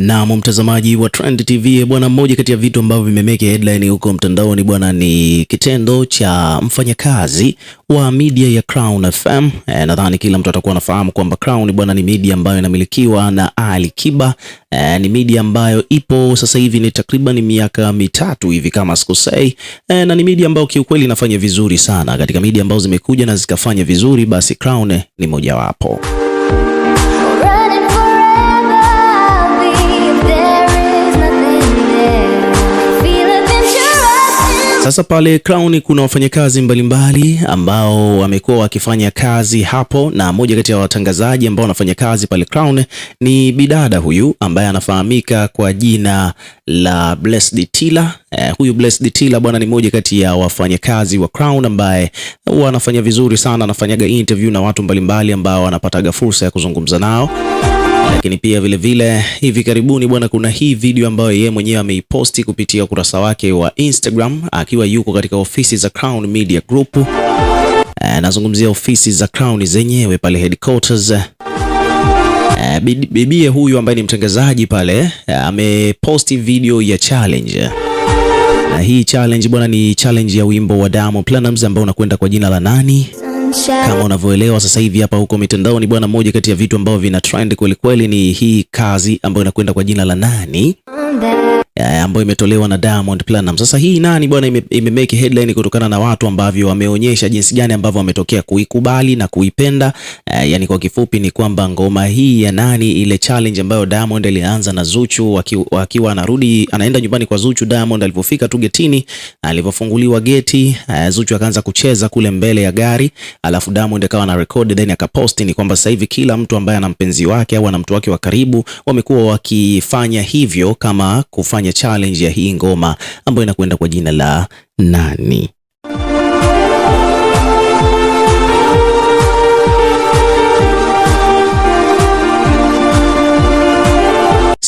Naam, mtazamaji wa Trend TV bwana, mmoja kati ya vitu ambavyo vimemeke headline huko mtandaoni bwana ni kitendo cha mfanyakazi wa media ya Crown FM. E, nadhani kila mtu atakuwa anafahamu kwamba Crown bwana ni media ambayo inamilikiwa na Ali Kiba. E, ni media ambayo ipo sasa hivi ni takriban miaka mitatu hivi kama sikosei. E, na ni media ambayo kiukweli inafanya vizuri sana. Katika media ambazo zimekuja na zikafanya vizuri, basi Crown ni mojawapo. Sasa pale Crown kuna wafanyakazi mbalimbali ambao wamekuwa wakifanya kazi hapo, na moja kati ya watangazaji ambao wanafanya kazi pale Crown ni bidada huyu ambaye anafahamika kwa jina la Blessed Tila. Eh, huyu Blessed Tila bwana ni moja kati ya wafanyakazi wa Crown ambaye wanafanya vizuri sana, anafanyaga interview na watu mbalimbali ambao wanapataga fursa ya kuzungumza nao. Lakini pia vile vile hivi karibuni bwana, kuna hii video ambayo yeye mwenyewe ameiposti kupitia ukurasa wake wa Instagram akiwa yuko katika ofisi za Crown Media Group. Eh, anazungumzia ofisi za Crown zenyewe pale headquarters. Eh, bibie huyu ambaye ni mtangazaji pale eh, ameposti video ya challenge na hii challenge bwana, ni challenge ya wimbo wa Diamond Platnumz ambao unakwenda kwa jina la nani? Kama unavyoelewa sasa hivi hapa huko mitandao ni bwana, mmoja kati ya vitu ambavyo vina trend kweli kweli ni hii kazi ambayo inakwenda kwa jina la nani? Eh, ambayo imetolewa na Diamond Platinum. Sasa hii nani bwana, ime, ime make headline kutokana na watu ambavyo wameonyesha jinsi gani ambavyo wametokea kuikubali na kuipenda. Eh, yani kwa kifupi ni kwamba ngoma hii ya nani, ile challenge ambayo Diamond alianza na Zuchu wakiwa waki anarudi anaenda nyumbani kwa Zuchu. Diamond alipofika tu getini, alipofunguliwa geti, eh, Zuchu akaanza kucheza kule mbele ya gari, alafu Diamond akawa na record then akapost. Ni kwamba sasa hivi kila mtu ambaye ana mpenzi wake au ana mtu wake wa karibu wamekuwa wakifanya hivyo kama kufanya kufanya challenge ya hii ngoma ambayo inakwenda kwa jina la nani?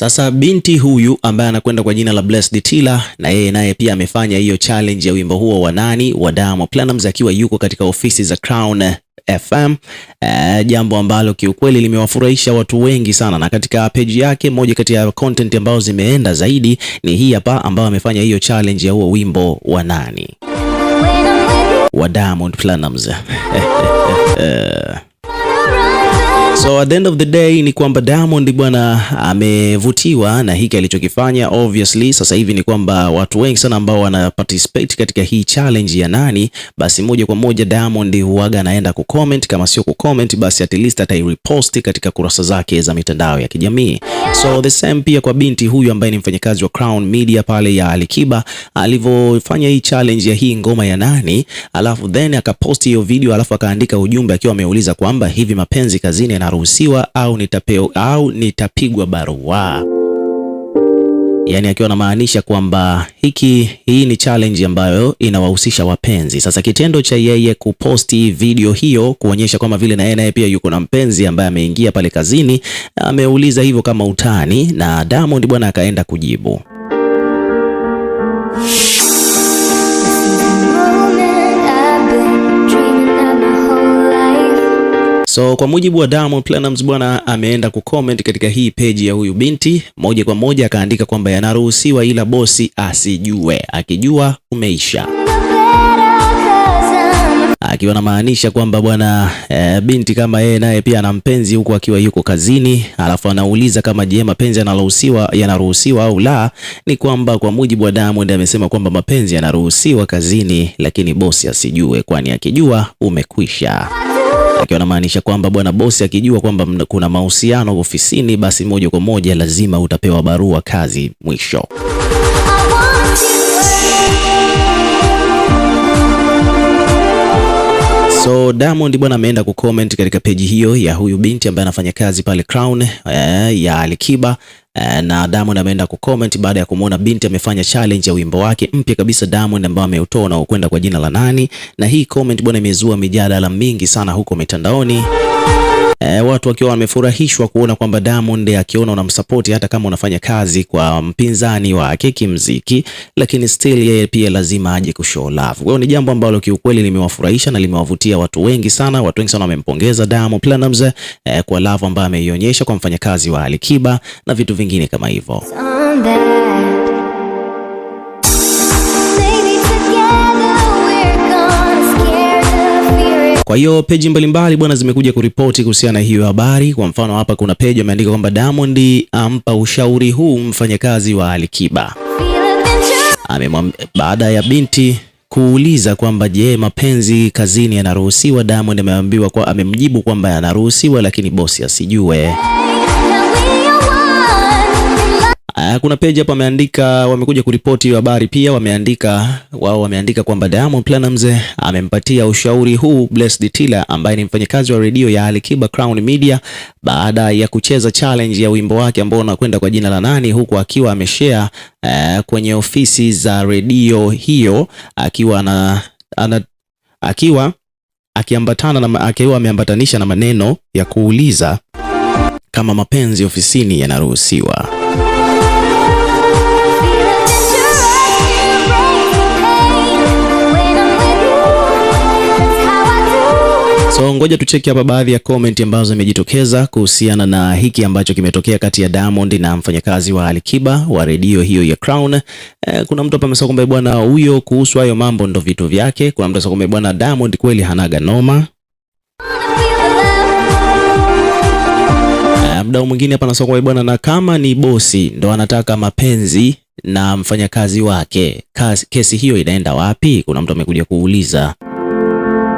Sasa binti huyu ambaye anakwenda kwa jina la Blessed Tila na yeye naye pia amefanya hiyo challenge ya wimbo huo wa nani wa Diamond Platnumz akiwa yuko katika ofisi za Crown eh, FM uh, eh, jambo ambalo kiukweli limewafurahisha watu wengi sana, na katika peji yake, moja kati ya content ambazo zimeenda zaidi ni hii hapa, ambayo amefanya hiyo challenge ya huo wimbo wa nani wa Diamond Platnumz eh, So at the end of the day ni kwamba Diamond bwana amevutiwa na hiki alichokifanya. Obviously sasa hivi ni kwamba watu wengi sana ambao wana participate katika hii challenge ya nani, basi moja kwa moja Diamond huaga anaenda ku comment, kama sio ku comment, basi at least repost katika kurasa zake za mitandao ya kijamii. So the same pia kwa binti huyu ambaye ni mfanyakazi wa Crown Media pale ya Alikiba alivyofanya hii challenge ya hii ngoma ya nani, alafu then akaposti hiyo video, alafu akaandika ujumbe akiwa ameuliza kwamba hivi mapenzi kazini yanaruhusiwa au nitapeo au nitapigwa barua? yani akiwa anamaanisha kwamba hiki hii ni challenge ambayo inawahusisha wapenzi. Sasa kitendo cha yeye kuposti video hiyo kuonyesha kwamba vile na yeye naye pia yuko na mpenzi ambaye ameingia pale kazini, ameuliza hivyo kama utani, na Diamond bwana akaenda kujibu. So kwa mujibu wa Diamond Platnumz bwana ameenda kucomment katika hii page ya huyu binti moja kwa moja, akaandika kwamba yanaruhusiwa ila bosi asijue, akijua umeisha akiwa maanisha kwamba bwana e, binti kama yeye naye pia ana mpenzi huku akiwa yuko kazini, alafu anauliza kama je, mapenzi yanaruhusiwa yanaruhusiwa au la. Ni kwamba kwa mujibu wa Diamond amesema kwamba mapenzi yanaruhusiwa kazini, lakini bosi asijue, kwani akijua umekwisha akiwa anamaanisha kwamba bwana bosi akijua kwamba kuna mahusiano ofisini, basi moja kwa moja lazima utapewa barua kazi mwisho. So Diamond bwana ameenda kucomment katika peji hiyo ya huyu binti ambaye anafanya kazi pale Crown eh, ya Alikiba eh, na Diamond ameenda kucomment baada ya kumwona binti amefanya challenge ya wimbo wake mpya kabisa Diamond ambao ameutoa na kwenda kwa jina la nani, na hii comment bwana imezua mijadala mingi sana huko mitandaoni e, watu wakiwa wamefurahishwa kuona kwamba Diamond akiona unamsapoti hata kama unafanya kazi kwa mpinzani wake kimziki, lakini still yeye pia lazima aje kushow love. Kwa hiyo ni jambo ambalo kiukweli limewafurahisha na limewavutia watu wengi sana. Watu wengi sana wamempongeza Diamond Platnumz e, kwa love ambayo ameionyesha kwa mfanyakazi wa Alikiba na vitu vingine kama hivyo. Kwa hiyo peji mbalimbali bwana zimekuja kuripoti kuhusiana na hiyo habari. Kwa mfano hapa kuna peji ameandika kwamba Diamond ampa ushauri huu mfanyakazi wa Alikiba baada ya binti kuuliza kwamba je, mapenzi kazini yanaruhusiwa? Diamond ameambiwa kwa, amemjibu kwamba yanaruhusiwa, lakini bosi asijue. Ah, kuna page hapa ameandika, wamekuja kuripoti hiyo habari pia, wameandika wao, wameandika kwamba Diamond Platnumz amempatia ushauri huu Blessed Tila ambaye ni mfanyakazi wa redio ya Alikiba Crown Media baada ya kucheza challenge ya wimbo wake ambao unakwenda kwa jina la nani, huku akiwa ameshare uh, kwenye ofisi za redio hiyo akiwa na, ana, akiwa akiambatana na akiwa ameambatanisha na maneno ya kuuliza kama mapenzi ofisini yanaruhusiwa. So ngoja tucheki hapa baadhi ya comment ambazo zimejitokeza kuhusiana na hiki ambacho kimetokea kati ya Diamond na mfanyakazi wa Alikiba wa redio hiyo ya Crown. Eh, kuna mtu hapa amesema kwamba bwana huyo kuhusu hayo mambo ndo vitu vyake. Kuna mtu amesema kwamba bwana Diamond kweli hanaga noma. Eh, mdau mwingine hapa anasema kwamba bwana na kama ni bosi ndo anataka mapenzi na mfanyakazi wake, kesi hiyo inaenda wapi? Kuna mtu amekuja kuuliza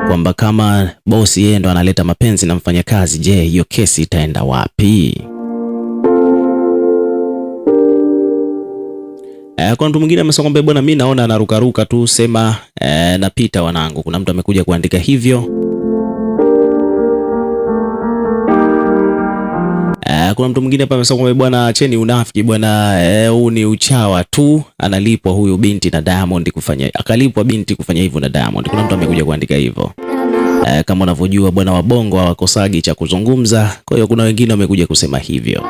kwamba kama bosi yeye ndo analeta mapenzi na mfanyakazi, je, hiyo kesi itaenda wapi? Eh, kuna mtu mwingine amesema kwamba bwana, mimi naona anarukaruka tu, sema eh, napita wanangu. Kuna mtu amekuja kuandika hivyo. Uh, kuna mtu mwingine hapa amesema kwamba bwana, cheni unafiki bwana, eh, huu uh, ni uchawa tu. Analipwa huyu binti na Diamond kufanya, akalipwa binti kufanya hivyo na Diamond. Kuna mtu amekuja kuandika hivyo uh, kama unavyojua bwana, wabongo hawakosagi cha kuzungumza. Kwa hiyo kuna wengine wamekuja kusema hivyo.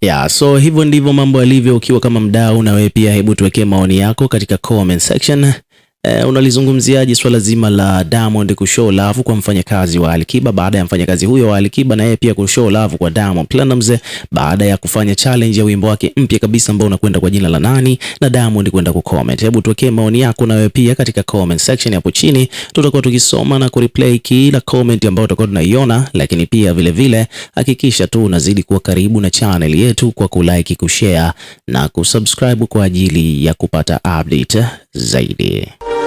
Yeah, so hivyo ndivyo mambo yalivyo. Ukiwa kama mdau, na wewe pia, hebu tuwekee maoni yako katika comment section, E, unalizungumziaje swala zima la Diamond kushow love kwa mfanyakazi wa Alikiba baada ya mfanyakazi huyo wa Alikiba na yeye pia kushow love kwa Diamond Platnumz baada ya kufanya challenge ya wimbo wake mpya kabisa ambao unakwenda kwa jina la nani na Diamond kwenda comment. Hebu tuwekee maoni yako na wewe pia katika comment section hapo chini, tutakuwa tukisoma na kureplay kila comment ambayo utakuwa tunaiona, lakini pia vile vile hakikisha tu unazidi kuwa karibu na channel yetu kwa kulike, kushare na kusubscribe kwa ajili ya kupata update 贼咧！